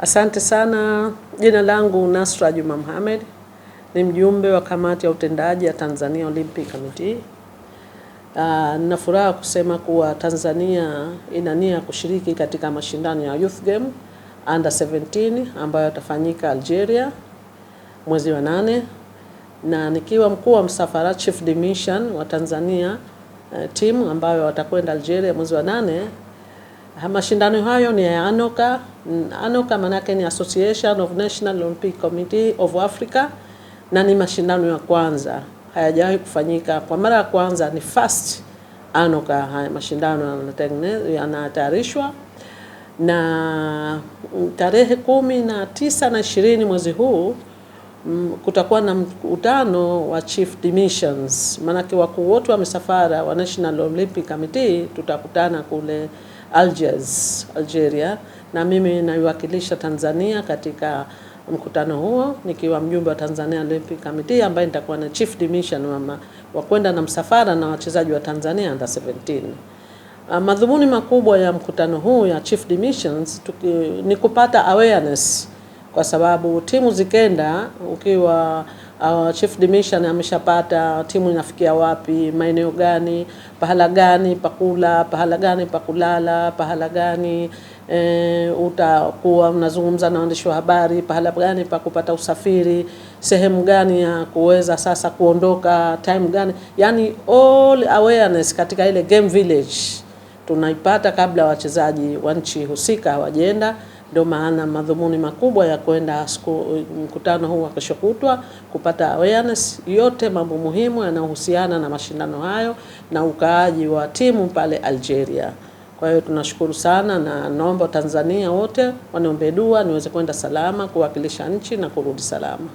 Asante sana. Jina langu Nasra Juma Mohamed, ni mjumbe wa kamati ya utendaji ya Tanzania Olympic Committee. Uh, nina furaha kusema kuwa Tanzania ina nia kushiriki katika mashindano ya Youth Game Under 17 ambayo yatafanyika Algeria mwezi wa nane, na nikiwa mkuu wa msafara Chief de Mission wa Tanzania uh, eh, timu ambayo watakwenda Algeria mwezi wa nane Mashindano hayo ni ya ANOCA. ANOCA manake ni Association of National Olympic Committee of Africa, na ni mashindano ya kwanza, hayajawahi kufanyika kwa mara ya kwanza, ni first ANOCA. Haya mashindano yanatayarishwa na tarehe kumi na tisa na ishirini mwezi huu mm, kutakuwa na mkutano wa chief dimissions, maanake wakuu wote wa misafara wa National Olympic Committee tutakutana kule Algiers, Algeria, na mimi naiwakilisha Tanzania katika mkutano huo nikiwa mjumbe wa Tanzania Olympic Committee ambaye nitakuwa na chief dimission wa, wa kwenda na msafara na wachezaji wa Tanzania under 17. Uh, ah, madhumuni makubwa ya mkutano huu ya chief dimissions ni kupata awareness kwa sababu timu zikenda ukiwa uh, chief dimission ameshapata timu inafikia wapi, maeneo gani, pahala gani pakula, pahala gani pakulala, pahala gani E, utakuwa unazungumza na waandishi wa habari pahala gani pa kupata usafiri, sehemu gani ya kuweza sasa kuondoka, time gani, yani all awareness katika ile game village tunaipata kabla wachezaji wa nchi husika hawajaenda. Ndio maana madhumuni makubwa ya kwenda mkutano huu wa kesho kutwa kupata awareness yote mambo muhimu yanayohusiana na mashindano hayo na ukaaji wa timu pale Algeria. Kwa hiyo tunashukuru sana na naomba Tanzania wote waniombe dua niweze kwenda salama kuwakilisha nchi na kurudi salama.